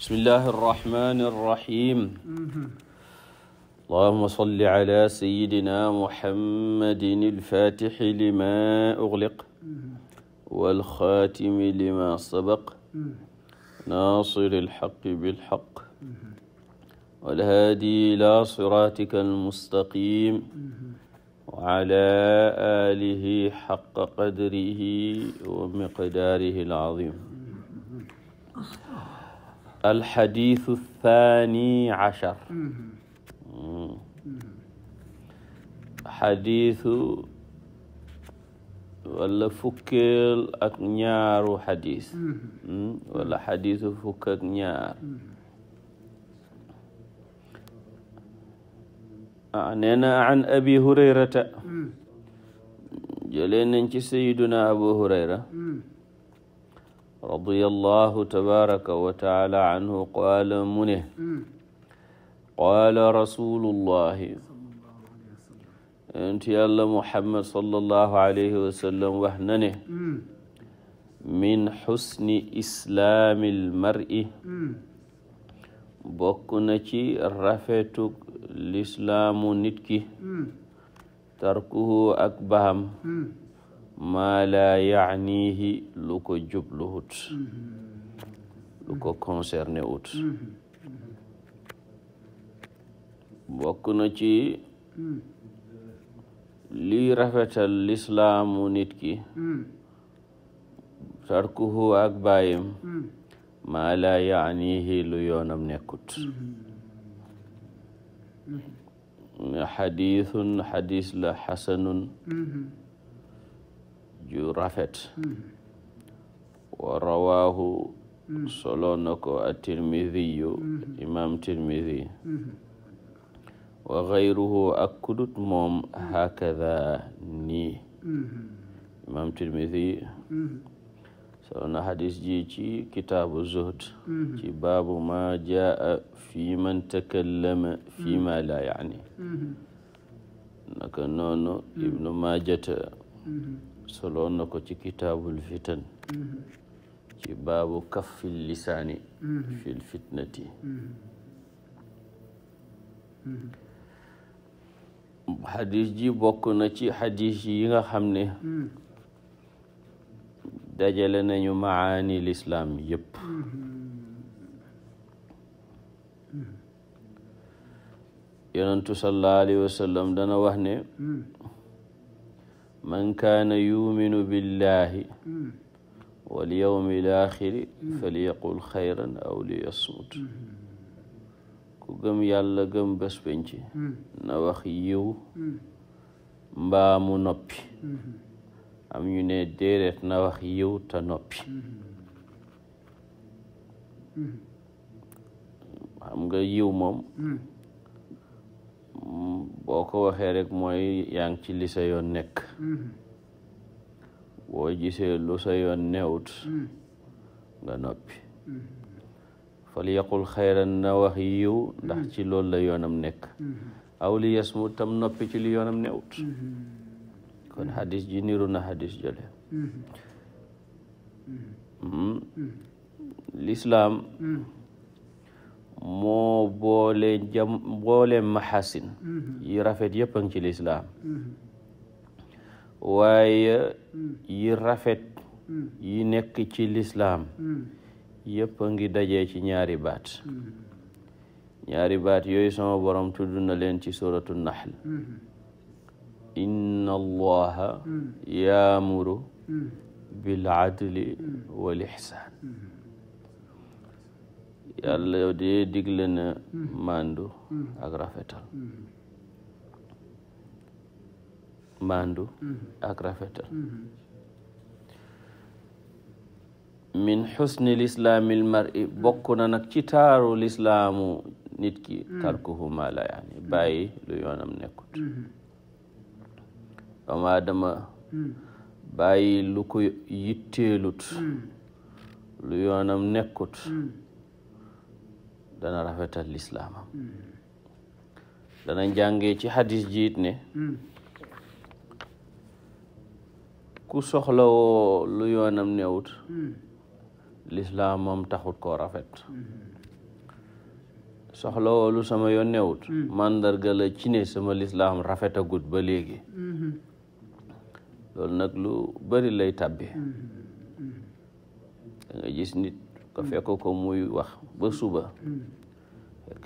bismillahi arrahmani arrahim allahuma salli ala sayidina muhammadin alfatixi lima ugliq walxaatimi lima sabaq naasiri alxaqi bilxaq walhaadi ila siratika almustaqim wa ala aalihi xaqa qadrihi wa miqdaarihi alazim alxadiisu thani cashar xadiisu wala fukkeel ak ñaaru xadiis wala xadiisu fukk ak ñaar ah nee na an abi hurayrata jëlee nañ ci sayiduna abu hurayra رضي الله تبارك وتعالى عنه قال منه قال رسول الله أنت يلا محمد صلى الله عليه وسلم وحننه من حسن إسلام المرء bokk na ci rafetug lislaamu nit ki tarkuhu ak baham maa laa yaanihi lu ko jublu wut lu ko concerné wut bokk na ci lii rafetal lislaamu nit ki tarkuhu ak bàyyim maa laa yaanihi lu yoonam nekkut xadiisun xadiis la xasanun ju rafet mm-hmm. wa rawaahu mm-hmm. solo na ko a tirmidiyu mm-hmm. imam tirmidi wa xayruhu ak kudut moom hakada nii imam tirmidi solo na hadis ji ci kitaabu zuhd ci baabu ma jaa fi man takallama fi ma la yaani naka noonu ibnu majata soloon na ko ci kitaabul fitan mm-hmm. ci baabu kaffi lisaani mm-hmm. fil fitnati xadis mm-hmm. ji bokk na ci xadis yi nga xam ne dajale nañu maani lislaam yépp yonentu sallallahu alayhi wa sallam dana wax ne man kaana yuminu billahi walyowmi alaaxiri falyaqul xayran aw liyasmut ku gëm yàlla gëm bés penc na wax yiw mbaa noppi am ñu ne déedéet na wax yiw te noppi xam nga yiw moom boo ko waxee rek mooy yaa ngi ci li sa yoon nekk mm-hmm. boo gisee lu sa yoon newut mm-hmm. nga noppi mm-hmm. fal yaqul xayran na wax yiw ndax ci loolu la yoonam nekk aw li yasmu tam noppi ci li am newut kon xadis ji niru na xadis jole lislaam moo boole jam boole maxasin mm-hmm. yi rafet yëpp a ngi ci lislaam mm-hmm. waaye mm-hmm. yi rafet yi nekk ci lislaam yëpp a ngi dajee ci ñaari baat ñaari baat yooyu sama borom tudd na leen ci suratu nahl inna allaha yaamuru bil adli wal ihsaan yàlla de digle na hmm. mandu hmm. ak rafetal hmm. mandu min xusni lislaami lmari bokk na nag ci taaru lislaamu nit ki tarkuhu bàyyi lu yoonam nekkut doomu lu ko nekkut dana rafetal lislaamam hmm. dana jàngee ci xadis jiit ne hmm. ku soxlawoo lu yoonam newut hmm. lislaamam taxut koo rafet soxlawoo lu sama yoon newut màndarga la ci ne sama lislaam rafetagut ba léegi loolu nag lu bari lay tàbbi da nga nit nga fekk ko muy wax ba suba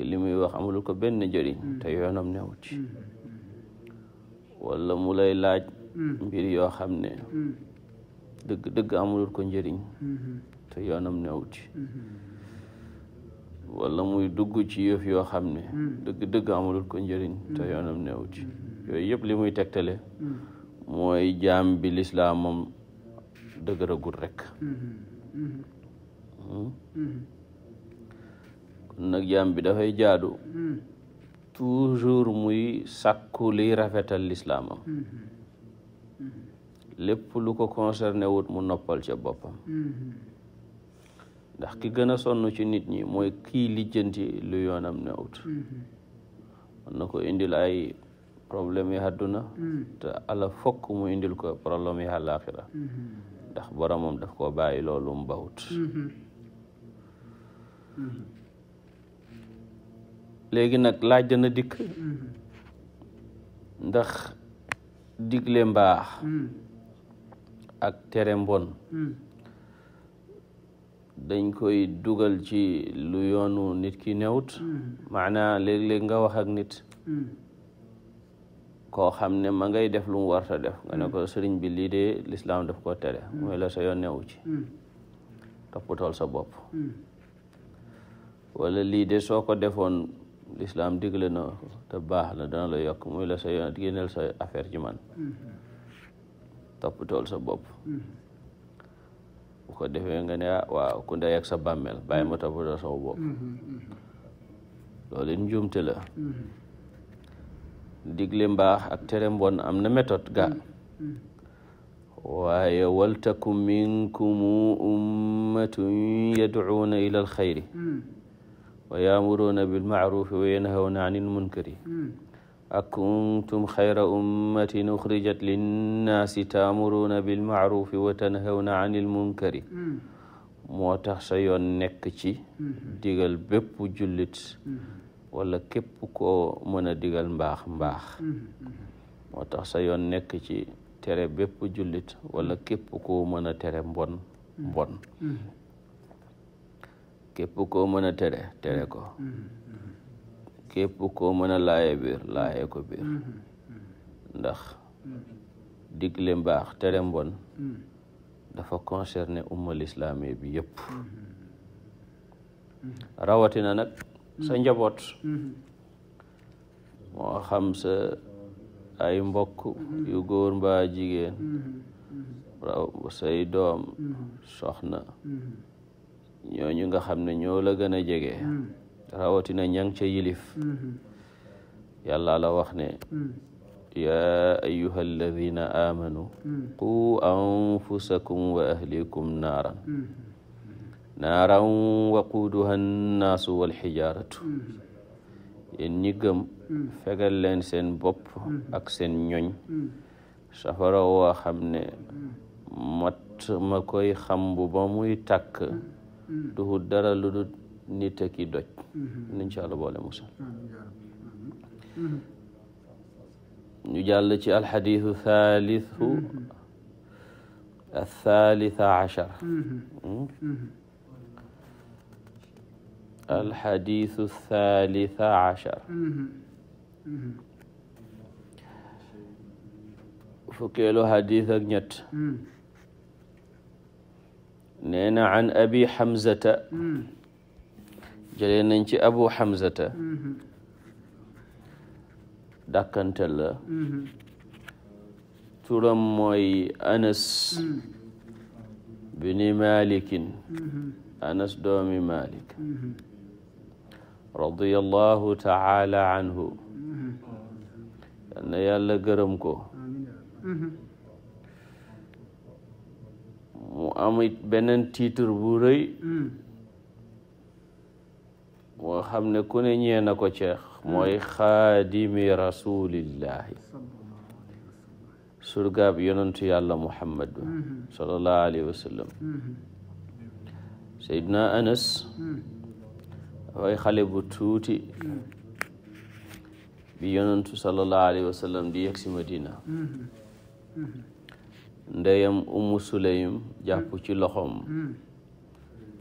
li muy wax amul ko benn njëriñ te yoonam newu ci wala laaj mbir yoo xam ne dëgg dëgg ko njëriñ te yoonam newu ci muy dugg ci yëf yoo xam ne dëgg dëgg amul ko njëriñ te yoonam newu ci yooyu yëpp li muy tegtale mooy jaam bi lislaamam dëgëragul rek kon nag jaam bi dafay jaadu toujours muy sàkku liy rafetal lislaamam lépp lu ko concerné wut mu noppal ca boppam ndax ki gën a sonn ci nit ñi mooy kii lijjanti lu yoonam ne wut mën ko indil ay problème yi àdduna te ala fokk mu indil ko problème yi àllaaxira ndax boromam daf ko bàyyi loolu mu léegi nag laaj dana dikk ndax digle mbaax ak tere mbon dañ koy dugal ci lu yoonu nit ki newut maanaa léeg-léeg nga wax ak nit koo xam ne ma ngay def lu mu warta def nga ne ko sëriñ bi lii de lislaam def ko tere mooy la sa yoon newu ci toppatool sa bopp wala lii de soo ko defoon lislaam digle na te baax na dana la yokk muy la sa yoon génneel sa affaire ci man topp tool bopp bu ko defee nga ne ah waaw ku ndey ak sa bàmmeel bàyyi ma topp tool sama bopp loolu it digle mbaax ak tere mbon am na méthode ga waaye waltakum minkumu ummatun yad'uuna ila al wa yaamuruuna bilmacruufi wa yanhawna anil munkari ak kuntum xayra ummatin uxrijat linnaasi taamuruuna bilmacruufi wa tanhawna anil tax sa yoon nekk ci digal bépp jullit wala képp koo mën a digal mbaax mbaax moo tax sa yoon nekk ci tere bépp jullit wala képp ko mën a tere mbon képp koo mën a tere tere ko képp koo mën a biir laaye ko biir ndax digle mbaax tere mbon dafa concerné umma lislaamee bi yépp rawatina nag sa njaboot moo xam sa ay mbokk yu góor jigéen raw say doom soxna ñooñu nga xam ne ñoo la gën a jege mm-hmm. rawatina ñang ca yilif mm-hmm. yàlla la wax ne mm-hmm. yaa ayuha alladina aamanu qu anfusakum wa ahlikum naaran naaran waquuduha annaasu walxijaaratu yéen ñi gëm fegal leen seen bopp ak seen ñoñ safara woo xam ne mat ma koy xambu ba muy takk Mm-hmm. duhu dara lu dul nit ak i doj mm-hmm. insha allah boole musal mm-hmm. ñu jàll ci alxadisu thalithu athalitha achar mm? alxadisu thalitha achar fukkeelu xadis ak ñett mm. nee na an abi hamzata mm. jëlee nañ ci abu hamzata mm-hmm. dàkkante la mm-hmm. turam mooy anas mm. bini malikin mm-hmm. anas doomi malik radiyallahu taala anhu yal na yàlla gërëm ko mu am it beneen titre bu rëy hmm. xam ne ku ne ñee na ko ceex mooy hmm. xaadimi rasulillahi surgaab yonentu yàlla muhammad ba hmm. sallallahu alayhi wa sallam Anas dafay xale bu tuuti bi yonentu sallallahu alayhi wa sallam di yegsi Madina ndeyam ummu sulaym jàpp ci loxoom hmm.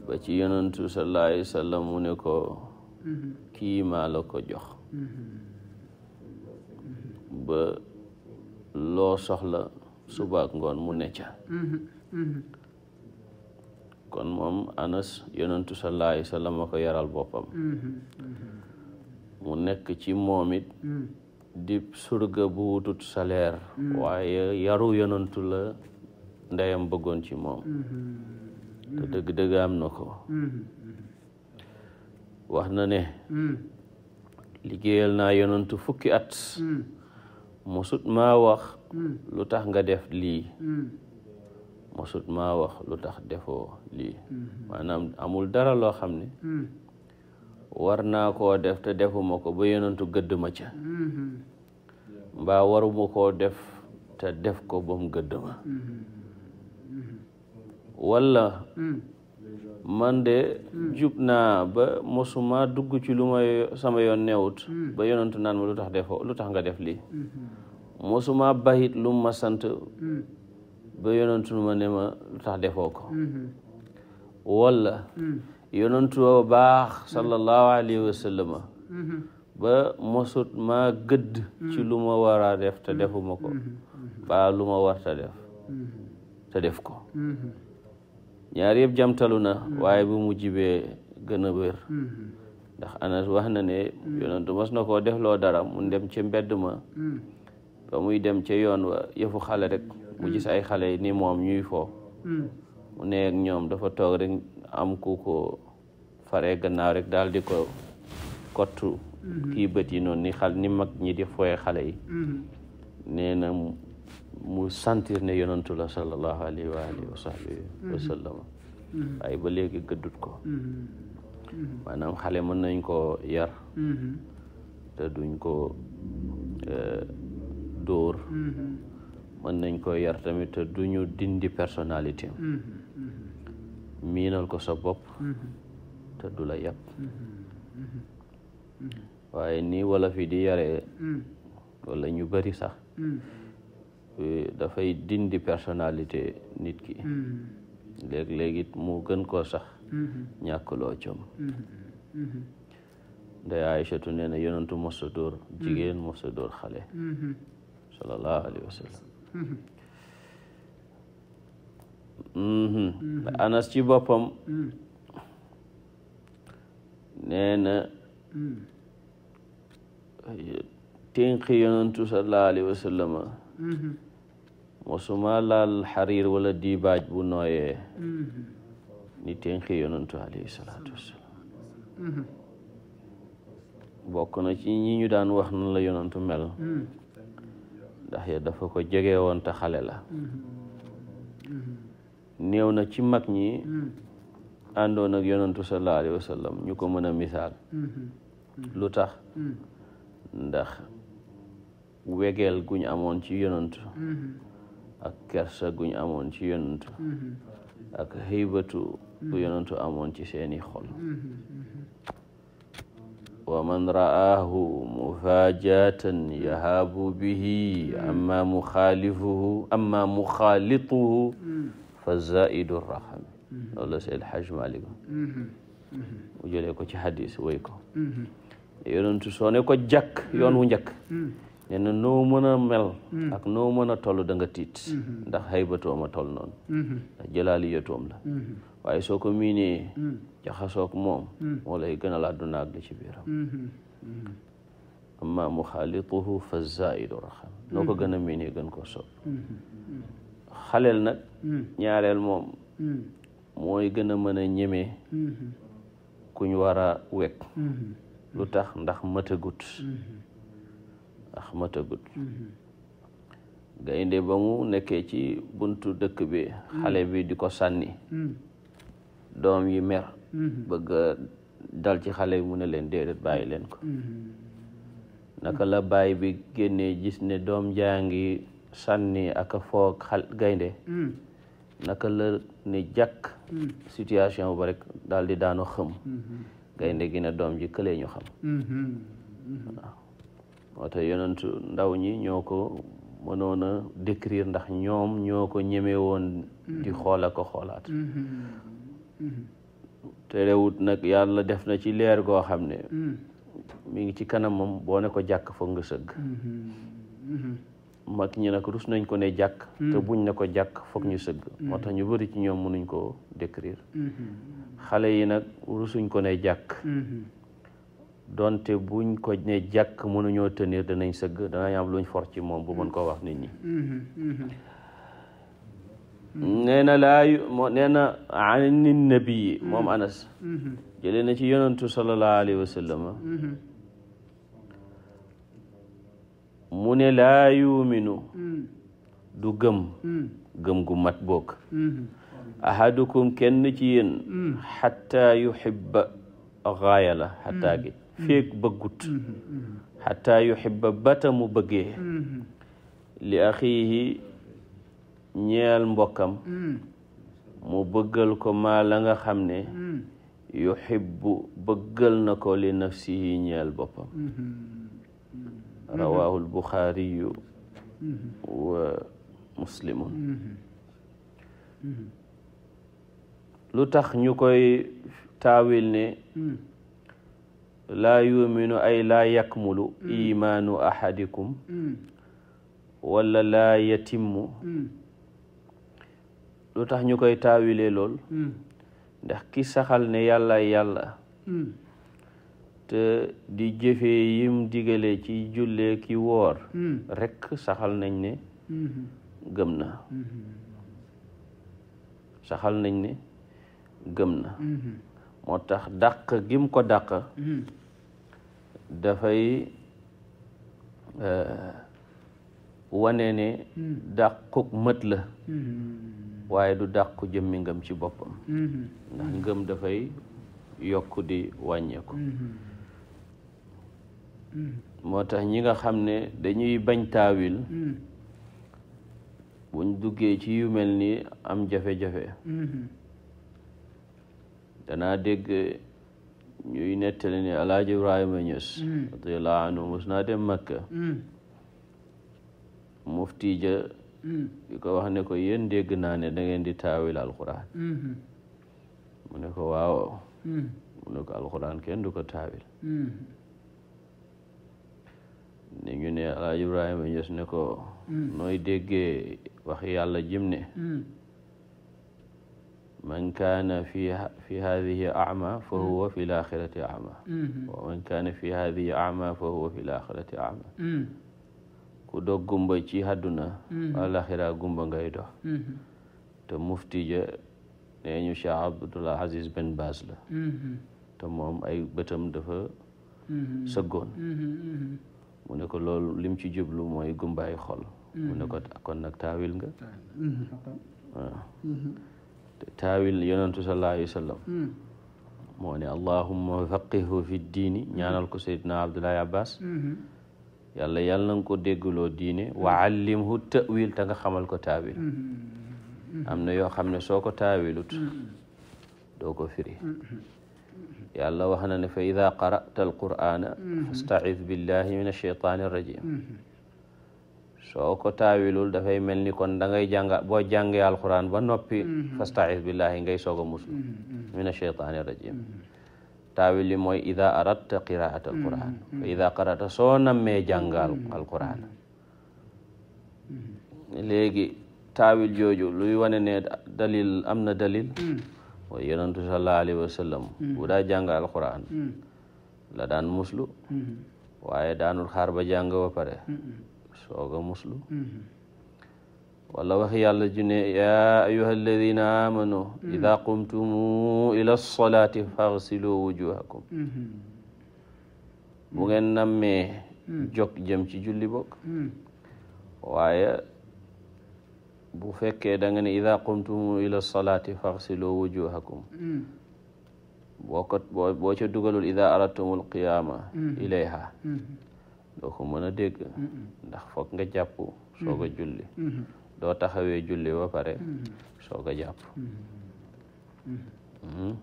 ba ci yonantu sallallahu alayhi wa sallam mu ne ko hmm. kii la ko jox hmm. ba loo soxla subaak ngoon mu ne ca kon moom anas yonantu sallallahu alayhi wa sallam ma ko yaral boppam mu nekk ci moomit di surga bu wutut saleer mm. waaye yaru yonantu la ndeyam bëggoon ci moom mm-hmm. Mm-hmm. te dëgg-dëgg am na ko mm-hmm. wax na ne mm. liggéeyal naa yonantu fukki at mm. mosut maa wax lu tax nga def lii mosut maa wax lu tax defoo lii maanaam amul dara loo xam ne war naa koo def te defuma ko ba yonentu gëdduma ca mm-hmm. mbaa waruma koo def te def ko ba mu gëdduma mm-hmm. walla mm-hmm. man de jub naa ba mosuma dugg ci lu ma sama yoon newut ba yonentu naan ma lu tax defoo lu tax nga def lii mosuma bayit lu ma sant ba yonentu ma ne lu tax defoo ko walla yonantu baax sallallahu alayhi wa ba mosut ma gëdd ci lu ma war a def ta defuma ko ba lu ma war ta def te def ko ñaar yëpp jamtalu na waaye bu mujj jibee gën a wér ndax anas wax na ne yonantu mos na koo defloo dara mu dem ci mbedd ma ba muy dem ca yoon wa yëfu xale rek mu gis xale ni moom ñuy foo mu ne ñoom dafa toog rek am ku ko faree gannaaw daal di ko kottu mhm. kii bët yi noonu ni mag ñi di fooye xale yi mhm. nee na mu sentir ne yonantu la alayhi wa alihi wa sahbihi mhm. wa ba léegi gëddut ko maanaam xale mën nañ koo yar te duñ ko e, dóor mën nañ koo yar tamit te duñu dindi personnalité miinal ko sa bopp mm-hmm. te du la mm-hmm. Mm-hmm. waaye nii wala fi di yaree wala ñu bari sax eh, dafay dindi personnalité nit ki léeg-léeg it mu gën koo sax ñàkkloo jom nday Aïchatu nee na yonentu mos a jigéen mos a xale sallallahu alayhi wa Mm-hmm. anas ci boppam nee na tinqi yonantu sallallahu alayhi wa mm-hmm. mosuma laal xariir wala diibaaj bu nooyee mm-hmm. ni tinqi yonantu bokk na ci ñi ñu daan wax nan la yonantu mel ndax ya dafa ko jege woon xale la néew na ci mag ñi hmm. àndoon ak yonantu sallallahu alayhi wa ñu ko mën a misaal hmm, hmm, lu tax ndax wegeel guñ amoon ci yonantu ak kersa guñ amoon ci yonantu ak xëybatu gu yonantu amoon ci seeni xol wa man ra'aahu mufaajatan yahaabu bihi amma muxaalituhu fa zaidu rahami mm-hmm. loolu la Seydi Hajj Malik mm-hmm. mm-hmm. mu ko ci hadis wéy ko yonentu soo ko jàkk yoon wu njëkk nee na noo mën a mën a toll da tiit ndax xaybatoom a la waaye soo ko miinee jaxasoog moom moo lay gën a laa naag li ci biiram amma muxaalituhu fa zaidu raham noo ko gën a miinee gën koo sopp xaleel nag hmm. ñaareel moom hmm. mooy gën a mën a ñemee hmm. kuñ war a wekk lu tax ndax matagut ndax matagut gaynde ba mu nekkee ci buntu dëkk bi xale bi di ko sànni doom yi mer bëgg dal ci xale bi mu ne leen déedéet bàyyi leen ko naka la baay bi génnee gis ne doom jaa ngi sànni ak a foog xal gaynde mm. naka la ni jàkk mm. situation ba rek daal di daanu xëm mm-hmm. gaynde gi ne doom ji këlee ñu xam mm-hmm. Mm-hmm. waaw moo tax ndaw ñi ñoo ko mënoon a ndax ñoom ñoo ko ñemee di xoola ko xoolaat te rewut nag yàlla def na ci leer goo xam ne mu mm. ngi ci kanamam boo ne ko jàkk foog nga sëgg mag ñi nag rus nañ ko ne jàkk mm. te buñ ne ko jàkk foog ñu sëgg mm. moo tax ñu bari ci ñoom mënuñ koo décrire mm-hmm. xale yi nag rusuñ ko ne jàkk mm-hmm. donte buñ ko ne jàkk mënuñoo tenir danañ sëgg danañ am luñ for ci moom bu mën koo wax nit ñi mm-hmm. nee na laayu moo nee na ani nabi moom anas jëlee na ci yonantu sallallahu alayhi wa sallam mu ne laa yuuminu mm. du gëm mm. gëm gu mat boog mm-hmm. ahadukum kenn ci yéen mm. xatta yuhibba gaaya la xatta gi feeg bëggut mm-hmm. Mm-hmm. xatta yuhibba bata mu bëggee li axiihi ñeel mbokkam mu bëggal ko maa la nga xam ne yuhibbu bëggal na ko li nafsihi ñeel boppam rawaahu albuxaariyu wa muslimun lu tax ñu koy taawil ne laa yuminu ay laa yakmulu imaanu ahadikum wala laa yatimmu lu tax ñu koy tawile lool ndax ki saxal ne yàlla yàlla te di jëfee yim digale ci jullee ki woor hmm. rekk hmm. hmm. saxal nañ ne gëm na saxal nañ ne gëm na moo tax dàq gim ko dàq dafay euh, wane ne dàquk mët la waaye du dàqu jëmmi ngëm ci boppam ndax ngëm dafay yokk di wàññeeku moo tax ñi nga xam ne dañuy bañ taawil buñ duggee ci yu mel ni am jafe-jafe danaa dégg ñuy nettali ne alaaji ibrahima ñës radiallahu anhu mos naa dem makka mufti ja ko wax ne ko yéen dégg naa ne da di taawil alquran mu ne ko waaw mu ne ko alquran kenn du ko taawil ni ñu ne alaaji ibrahima ñës ne ko hmm. nooy déggee wax yàlla jim ne hmm. man kaana fi fi hadihi hmm. fi laxirati ama ama fa huwa fi laxirati ama ku dog gumba ci àdduna alaxira gumba ngay dox te mufti ja ñu Cheikh Abdullah Aziz Ben Baas la te moom ay bëtam dafa sëggoon mu ne ko loolu lim ci jublu mooy gumbaay xol mu ne ko nag taawil nga waaw taawil yonentu sallallahu alayhi wa ne allahumma faqihu fi diini ñaanal ko seydina abdullahi abbas yàlla yàlla na ko déggloo diine wa allimhu tawil te nga xamal ko taawil am na yoo xam ne soo ko taawilut doo ko firi yàlla wax na ne fa ida qara'ta alqur'ana mm-hmm. fasta'iz billahi min alcheytaani arrajim mm-hmm. soo ko taawilul dafay mel ni ko da ngay jàng boo jàngee alquran ba noppi mm-hmm. fasta'iz billahi ngay soog a muslu min alcheytaani arrajim taawil li ida aradta qiraata alquran fa ida qara'ta soo nammee jàngal alquran léegi taawil jooju luy wane ne dalil mooy yonantu sallallahu alayhi wa sallam bu hmm. daa jàng hmm. daan muslu hmm. waaye daanul xaar ba jàng ba pare sooga muslu wala wax yàlla ju ne yaa ayuha amanu ida qumtumu ila lsolati faxsilu wujuhakum bu ngeen nammee jog julli bokk waaye bu fekkee da nga ne ida qumtum ila salaati faxsilu wujuhakum mm. boo ko boo ca ida aradtumul qiyaama mm. ilayha mm. doo ko mën a dégg ndax foog nga jàpp soog a julli doo taxawee julli ba pare soog a jàpp mm-hmm.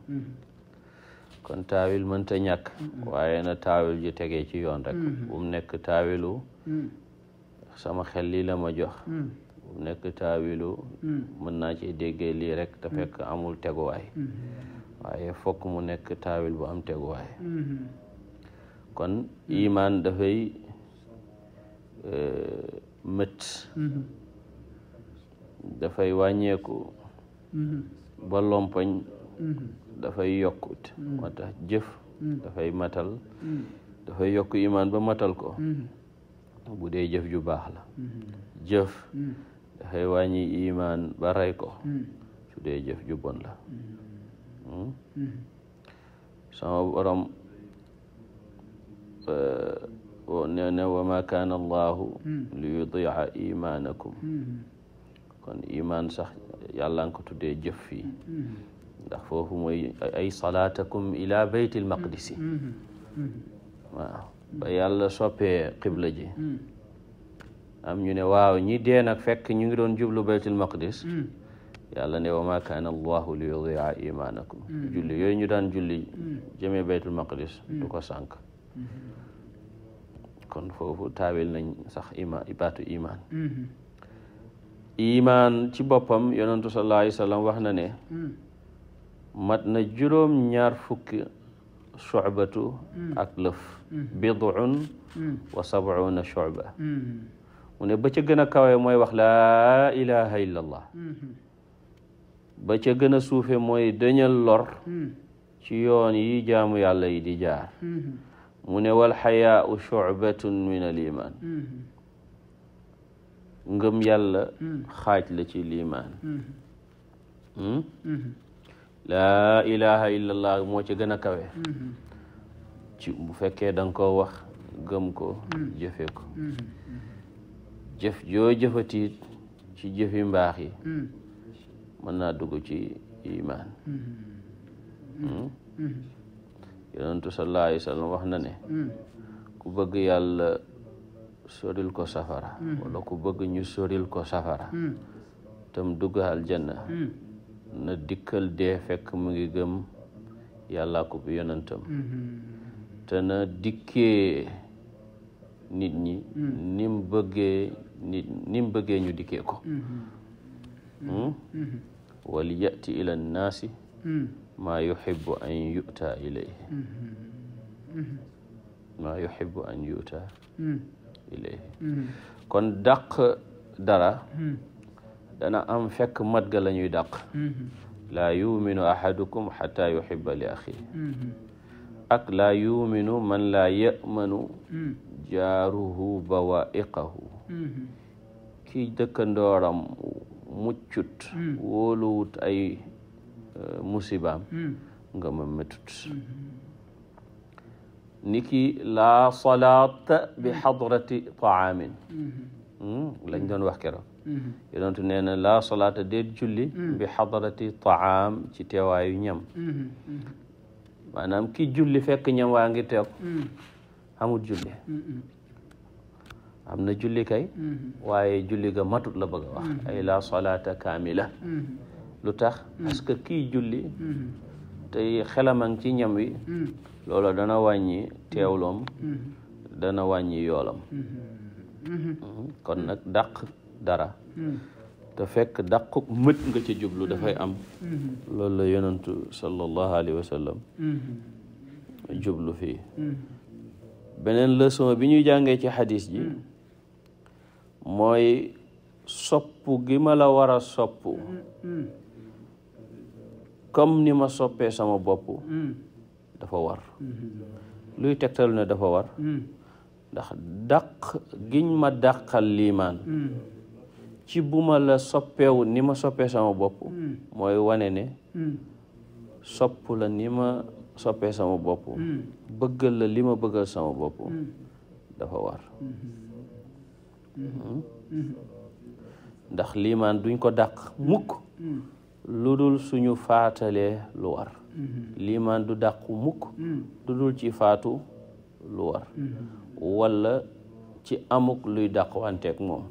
kon taawil mënta ñàkk waaye na taawil ji tegee ci yoon rek mm-hmm. bu mu nekk taawilu sama xel lii la ma jox nekk taawilu hmm. mën naa ci déggee lii rek te hmm. fekk amul teguwaay hmm. waaye fokk mu nekk taawil bu am teguwaay kon imaan dafay e, mët dafay wàññeeku ba lompoñ dafay yokkut moo tax jëf dafay matal dafay yokk imaan ba matal ko bu dee jëf ju baax la jëf dafay wàññi imaan ba rey mm. jëf ju bon la mm. Mm. sama borom eh, nee na wa maa kaana allahu li yudiia imaanakum kon imaan sax yàlla nga tuddee jëf fi ndax foofu mooy ay salaatakum ila baytil maqdisi ba yàlla sope qibla am ñu ne waaw ñi dee nag fekk ñu ngi doon jublu baytul maqdis mm. yàlla ne wa ma kaana allahu li yudia imaanakum mm. julli yooyu ñu daan julli mm. jëmee baytul maqdis du ko mm-hmm. kon foofu taawil nañ sax iman baatu mm-hmm. ci boppam yonentu sallallahu alayhi wa wax na ne na juróom ñaar fukki shucbatu ak lëf bidcun wa sabcuuna shucba mm-hmm. mu ne ba ca gën a kawe mooy wax laa ilaha illallah mhm. ba ca gën a suufe mooy dañal lor mhm. ci yoon yi jaamu yàlla yi di jaar mhm. mu ne wal xayaau shubatun min al iman ngëm yàlla xaaj la ci liimaan hmm? laa ilaha illallah moo ci gën a kawe bu fekkee danga ko wax gëm ko jëfe jëf joo jëfatiit ci jëfi mbaax yi mm. mën na dugg ci imaan mm-hmm. Mm. Mm-hmm. yonentu sallallahu alayhi wa wax na ne mm. ku bëgg yàlla soril ko safara wala ku bëgg ñu soril ko safara tam dugg aljanna na dikkal dee fekk mu ngi gëm yàlla ko bi yonentam mm-hmm. te na dikkee nit ñi nim bëggee ni ni mu bëggee ñu dikkee ko mm-hmm. Hmm? Mm-hmm. wal yati ila nnaasi mm-hmm. maa yuxibu an yuta ilayhi maa yuxibu an yuta ilayhi kon dàq dara dana am fekk mat ga la ñuy dàq laa yuminu ahadukum xata yuxiba li axihi ak laa yuminu man laa yamanu mm. jaaruhu bawaiqahu Mm-hmm. kii dëkkandooram muccut mm. wóoluwut ay e, musibaam mm. nga ma métut mm-hmm. niki laa salaat bi xadrati mm. taamin mm-hmm. lañ doon wax keroog yonentu nee na laa salaata déet julli bi xadrati taam ci teewaayu ñam maanaam ki julli fekk ñam waa ngi teew amul julli am na julli kay mm-hmm. waaye julli ga matut la bëgg a wax mm-hmm. ay la salaata kaamila mm-hmm. lu tax parce que kii julli tey xelamang ci ñam wi loolo dana wàññi teewloom dana wàññi yoolam kon nag dàq dara te fekk dàquk mët nga ca jublu dafay am loolu la yonentu sallallahu alayhi wa sallam jublu fii beneen leçon bi ñuy jàngee ci xadis ji mooy sopp gi ma la war a sopp mm, mm. comme ni ma soppee sama bopp mm. dafa war luy tegtalu ne dafa war ndax dàq giñ ma dàqal liimaan ci bu ma la soppeewu ni ma soppee sama bopp mooy wane ne sopp la ni ma soppee sama bopp bëggal la li ma bëggal sama bopp dafa war mm-hmm. Hmm? ndax liimaan duñ ko dàq mukk hmm. lu dul suñu faatalee lu war hmm. liimaan du dàqu mukk lu dul ci faatu lu war walla ci amuk luy dàqwanteeg moom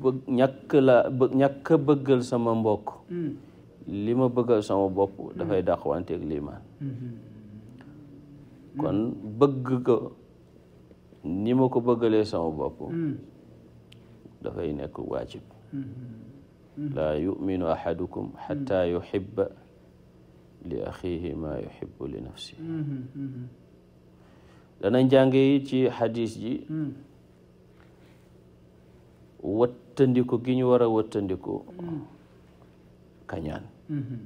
bëgg bëggal sama mbokk li ma bëggal sama bopp dafay dàqwanteeg liimaan kon bëgg ko ni ma ko bëggalee sama bopp mm. dafay nekk waajib mm-hmm. laa yuminu ahadukum xata mm. yuxiba li axihi maa yuxibu li nafsi mm-hmm. danañ jànge ci xadis ji mm. wëttandiku gi ñu war a wëttandiku kañaan mm-hmm.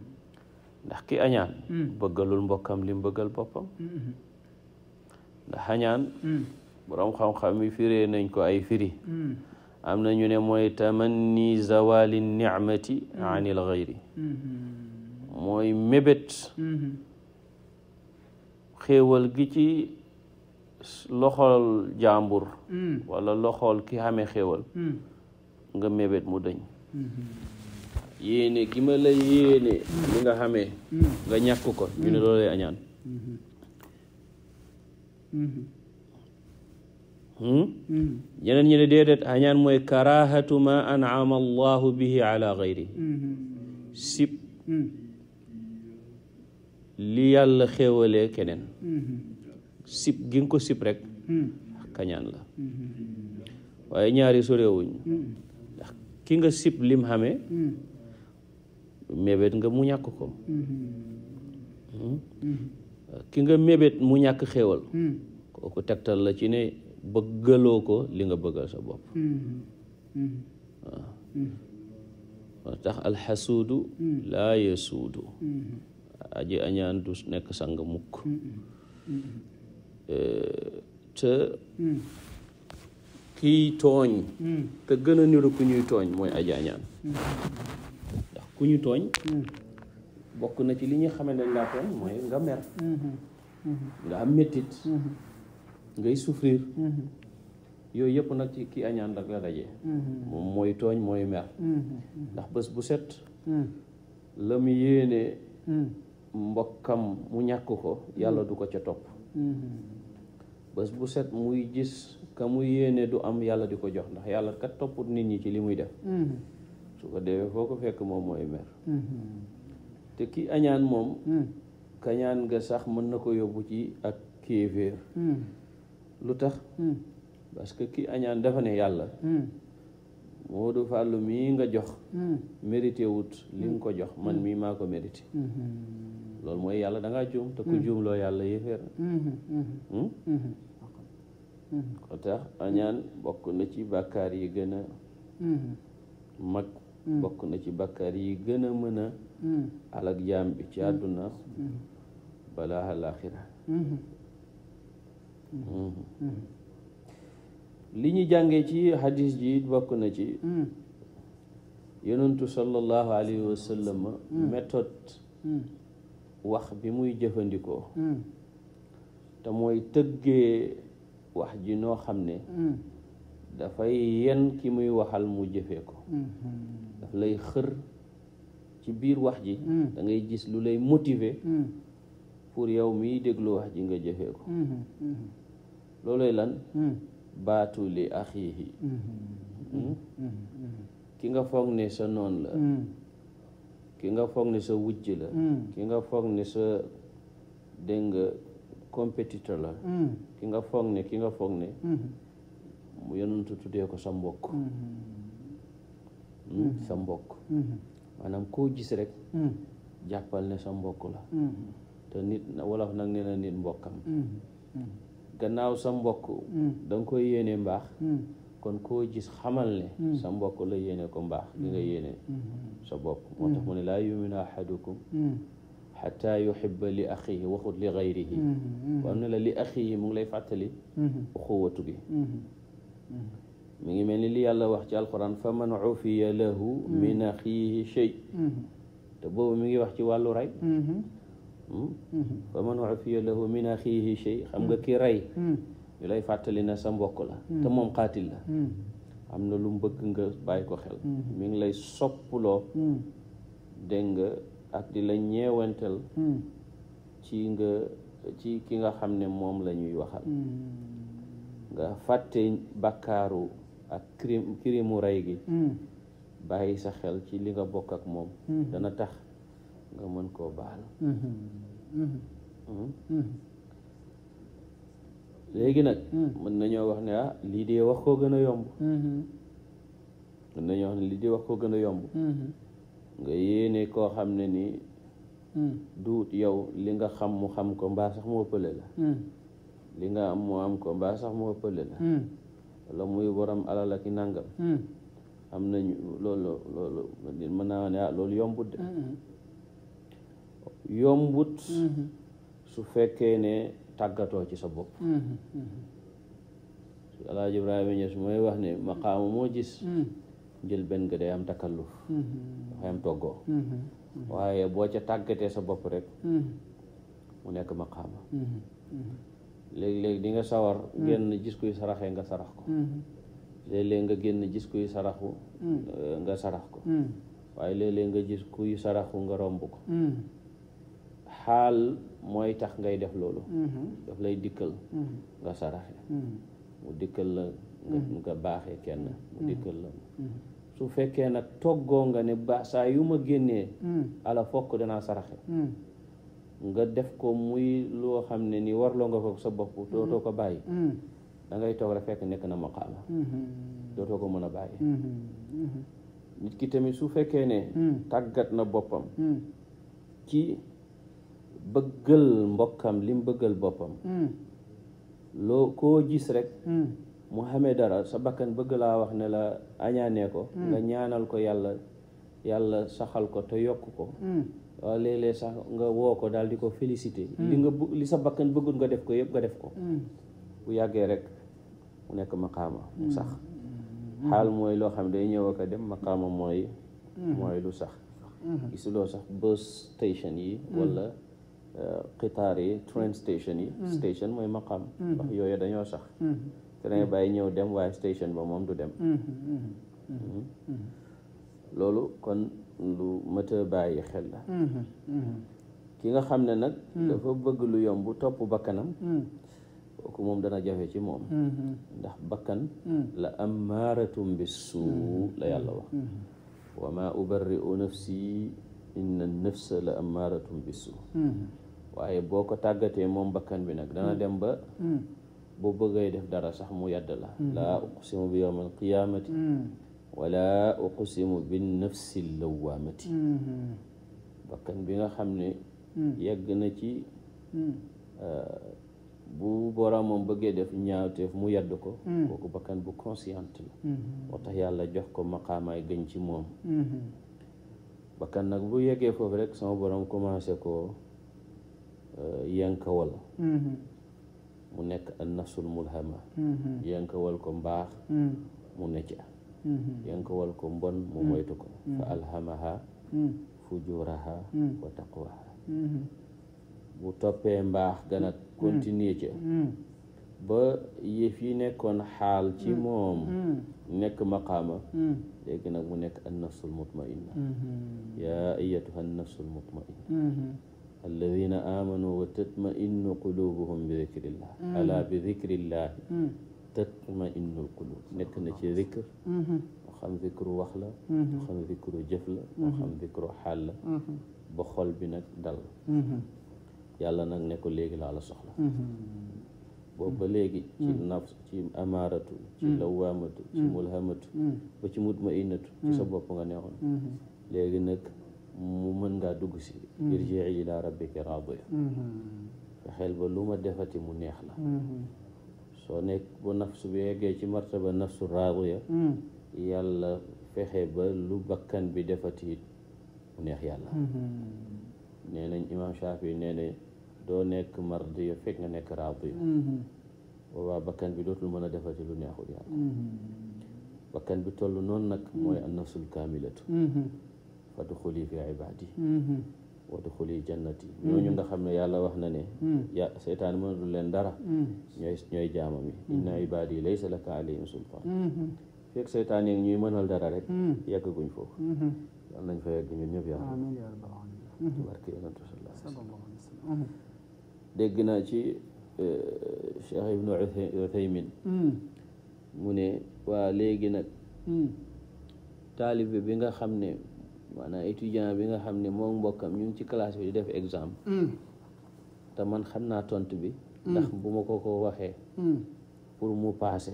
ndax ki añaan bëggalul mbokkam lim bëggal boppam ndax añaan boroom xam-xam yi firee nañ ko ay firi hmm. am na ñu ne mooy tamanni zawali nicmati hmm. anil xayri hmm. mooy mébét xéewal gi ci loxol jàmbur wala loxol ki xamee xéewal nga mébét mu dañ yéene gi ma la li nga xamee nga ñàkk ko ñu ne loolu lay añaan Hmm? ñeneen ñi ne déedéet añaan mooy karahatu ma an'ama allahu bihi ala gayri yàlla xéewalee keneen sib gi nga ko sib rek kañaan la waaye ñaari sorewuñ ndax ki nga sib lim xamee mébét nga mu ñàkk ko hmm? ki nga mébét mu ñàkk xewal kooku tegtal la ci ne bëggaloo ko li nga bëggal sa bopp waaw mm-hmm. mm-hmm. mm-hmm. tax alxasuudu laa yasuudu aji añaan du nekk sang mukk eh, te kiy tooñ te gën a niru ku ñuy tooñ mooy aji añaan ndax ku ñu tooñ bokk na ci li ñu xamee dañ laa tooñ mooy nga mer nga am mettit ngay souffrir mm-hmm. yooyu yëpp nag ci ki añaan rek la dajee mm-hmm. moom mooy tooñ mooy mer mm-hmm. ndax bés bu set la mu yéene mbokkam mu ñàkk ko yàlla du ko ca topp bés bu set muy gis ka mu yéene du am yàlla di ko jox ndax yàlla kat topput nit ñi ci li muy def su ko defee foo ko fekk moom mooy mer te ki añaan moom mm. kañaan nga sax mën na ko yóbbu ci ak kéeféer mm. lu tax hmm. parce que ki añaan dafa ne yàlla hmm. Moodu Fàllu mii nga jox hmm. mérité wut li nga ko jox man mii maa ko mérité loolu mooy yàlla da ngaa juum te ku juum loo yàlla yéeféer ko tax añaan bokk na ci bàkkaar yi gën a mag bokk na ci bàkkaar yi gën a mën a alak jaam bi ci àdduna balaa alaaxira Mm-hmm. li ñu jànge ci hadis ji bokk na ci mm-hmm. yonentu sallallahu alayhi wa sallam mm-hmm. méthode wax bi muy jëfandikoo te mooy tëggee wax ji noo xam ne dafay yen ki muy waxal mu jëfe ko daf lay xër ci biir wax ji dangay gis lu lay motive pour yow miy déglu wax ji nga jëfee ko mm-hmm. Mm-hmm. looloy lan mm-hmm. baatu li axiihi hmm? ki nga foog ne sa noon la ki nga foog ne sa wujj la ki nga foog ne sa dégg nga compétiteur la ki nga foog ne ki nga foog ne mu yonentu tuddee ko sa mbokk hmm? sa mbokk maanaam koo gis rek jàppal ne sa mbokk la te nit wolof nag nee nit mbokkam mm, mm. gannaaw sa mbokk mm. da koy yéene mbaax kon koo gis xamal ne sa mbokk la yéene ko mbaax li nga yéene sa bopp moo mu ne laa yuminu ahadukum xata yuxiba li axihi waxut li xayrihi bu ne la li axihi mu ngi lay fàttali uxuwatu gi mi ngi mel ni li yàlla wax ci alquran fa man ufiya lahu min axihi shay te boobu mi ngi wax ci wàllu rek mm-hmm. Hmm. fa man ufiya lahu min axiihi shay xam nga hmm. ki rey hmm. ñu lay fàttali na sa mbokk la te moom xaatil la am na lu mu nga bàyyi ko xel mi ngi lay soppuloo dégg nga ak di la ñeewantal ci nga ci ki nga xam ne moom la ñuy waxal nga fàtte bakkaaru ak crime rey gi bàyyi sa xel ci li nga bokk ak moom dana tax nga mën koo baal léegi nag mën nañoo wax ne ah lii de wax koo gën a yomb mën nañoo wax ne lii dee wax koo gën a yomb nga yéene koo xam ne nii duut yow li nga xam mu xam ko mbaa sax mu ëppale la li nga am mu am ko mbaa sax mu ëppale la wala muy borom alal ak nangam am nañu loolu loolu mën naa ne ah loolu yombut de yombut mm-hmm. su fekkee ne tàggatoo ci sa bopp mm-hmm. alaaji ibrahima ñes mooy wax ne maqaama moo gis njël mm-hmm. benn nga day am takalluf dafay am toggoo waaye boo ca tàggatee sa bopp rek mu nekk maqaama léegi léeg di nga sawar génn gis kuy saraxee nga sarax ko léeg-léeg nga génn gis kuy saraxu mm. euh, nga sarax ko mm. waaye léeg nga gis kuy saraxu nga romb ko mm. xaal mooy tax ngay def loolu mm-hmm. daf lay dikkal mm-hmm. nga saraxe mm-hmm. mu dikkal la nga baaxee kenn mu dikkal la su fekkee nag toggoo nga ne ba ma génnee ala fokk danaa def ko muy loo xam ne ni warloo nga sa bopp dootoo ko fekk nekk na maqaama dootoo ko ki tamit su fekkee ne na boppam ci bëggal mbokkam lim bëggal boppam hmm. loo koo gis rek hmm. mu xamee dara sa bakkan bëgg laa wax ne la añaanee ko hmm. nga ñaanal ko yàlla yàlla saxal ko te yokk ko waaw léeg-léeg sax nga woo ko daal di ko félicité li nga li sa bakkan bëggul nga def ko yépp nga def ko bu yàggee rek mu nekk maqaama sax xaal mooy loo xam day ñëw ak a dem maqaama mooy mooy lu sax gisuloo sax bus station yi wala xitaar yi train station yi mm. station mooy maqaam ndax mm-hmm. yooyu dañoo sax te dangay bàyyi ñëw dem waaye station ba moom du dem mm-hmm. Mm-hmm. loolu kon lu mët bàyyi xel la ki nga xam ne nag mm. dafa bëgg lu yomb topp bakkanam mm. kooku moom dana jafe ci moom ndax bakkan la ammaaratum bi suu la yàlla wax wa maa ubarri'u nafsi inna nafsa la ammaaratum bi suu waaye boo ko tàggatee moom bakkan bi nag dana mm. dem ba mm. bu bëggee def dara sax mu yedd la mm. laa uqsimu bi yawmal qiyaamati wala uqsimu bi nafsi lawaamati -hmm. bakkan bi nga xam ne yegg na ci uh, bu boroomam bëggee def ñaawteef mu yedd ko kooku bakkan bu consciente -hmm. moo tax yàlla jox ko maqaamaay gën ci moom -hmm. bakkan nag bu yeggee foofu rek sama borom commencé ko Eh, yankawal mm-hmm. mu nekk an nafsul mulhama mm-hmm. yankawal ko mbaax mm-hmm. mu ne ca yankawal ko mbon mu moytu ko fa alhamaha fujuraha wa taqwaha bu toppee mbaax ganat continuer ca ba yëf yi nekkoon xaal ci moom nekk maqaama léegi nag mu nekk an nafsul mutmainna yaa ayatuha an nafsul mutmainna alladina amanu wa tatmainu qulubuhum bi dicrillah ala bi dicrillahi nekk na ci zikr moo xam zikru wax la moo xam zikru jëf la moo xam zikru xaal la ba xol bi nag dal yàlla nag ne ko léegi laa la soxla boobu ba léegi ci nafs ci amaaratu ci lawaamatu ci mulhamatu ba ci mutmainatu ci sa bopp nga neexoon léegi nag mu mën ngaa dugg si mm-hmm. irjii ila rabbika raadiya mm-hmm. fexeel ba lu ma defati mu neex la mm-hmm. soo nekk ba nafsu bi yeggee ci martaba nafsu raadiya mm. yàlla fexe ba lu bakkan bi defati mu neex yàlla nee nañ imaam Shaafi nee na doo nekk mardiya fekk nga nekk raadiya boobaa bakkan bi dootul mën a defati lu neexul yàlla bakkan bi toll noonu nag mooy mm. an nafsul kaamilatu wadxuli fi ibaadi mhm. wadxuli jannati ñooñu mhm. nga ne yàlla wax na ne mhm. ya seytaan leen dara ñooy ñooy jaamam yi inna ibaadi laysa laka alayhim sultaan fekk seytaan yi ñuy mënal dara rek yeggaguñ foofu yal nañ fa yegg ñun ñëpp yàlla barke ci euh, Cheikh Ibnu mu ne waa léegi nag taalibe bi nga xam ne maanaam étudiant bi nga xam ne moom mbokkam ñu ngi ci classe bi di def exemple hmm. te man xam naa tontu bi hmm. ndax bu ma ko ko waxee hmm. pour mu paase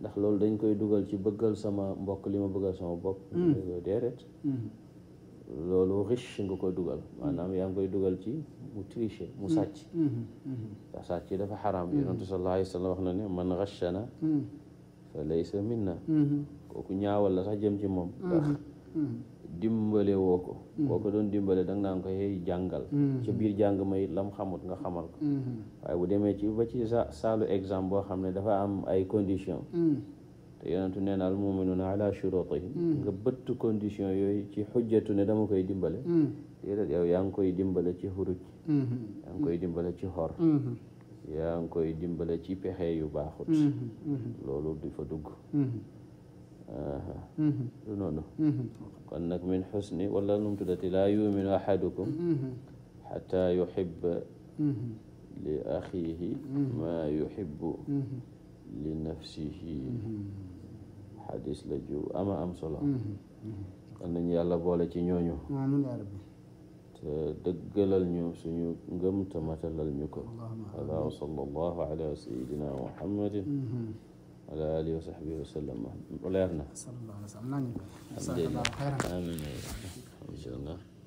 ndax loolu dañ koy dugal ci bëggal sama mbokk li ma bëggal sama bopp déedéet loolu riche nga koy dugal maanaam yaa ngi koy dugal ci mu mu sàcc ndax sàcc dafa xaram yi sallallahu alayhi wa sallam wax na ne man ghashana fa laysa minna kooku ñaawal la sax jëm ci moom dimbale woo ko mm. boo ko doon dimbale da nga naan jàngal mm. ci biir jàng may lam xamut nga xamal ko mm. waaye bu demee ci ba ci sa saalu exemple boo xam ne dafa am ay condition te yonentu nee na al muminuuna ala shurutihim nga bëtt condition yooyu ci xujjatu ne dama koy dimbale déedéet yow yaa ngi koy dimbale ci xuruj mm-hmm. yaa ngi koy dimbale ci xor mm-hmm. yaa ngi koy dimbale ci pexe yu baaxut mm-hmm. loolu du fa dugg du noonu kon nag min xusni wala nu mu tuddati laa yuminu ahadukum xata yuhibba li axiihi maa yuhibbu li nafsihi xadis la ju ama am solo kon nañu yàlla boole ci ñooñu te dëggalal ñu suñu ngëm te matalal ñu ko ala sallallahu ala sayidina muhammadin wala alihi wa sahbihi wa sallam leer na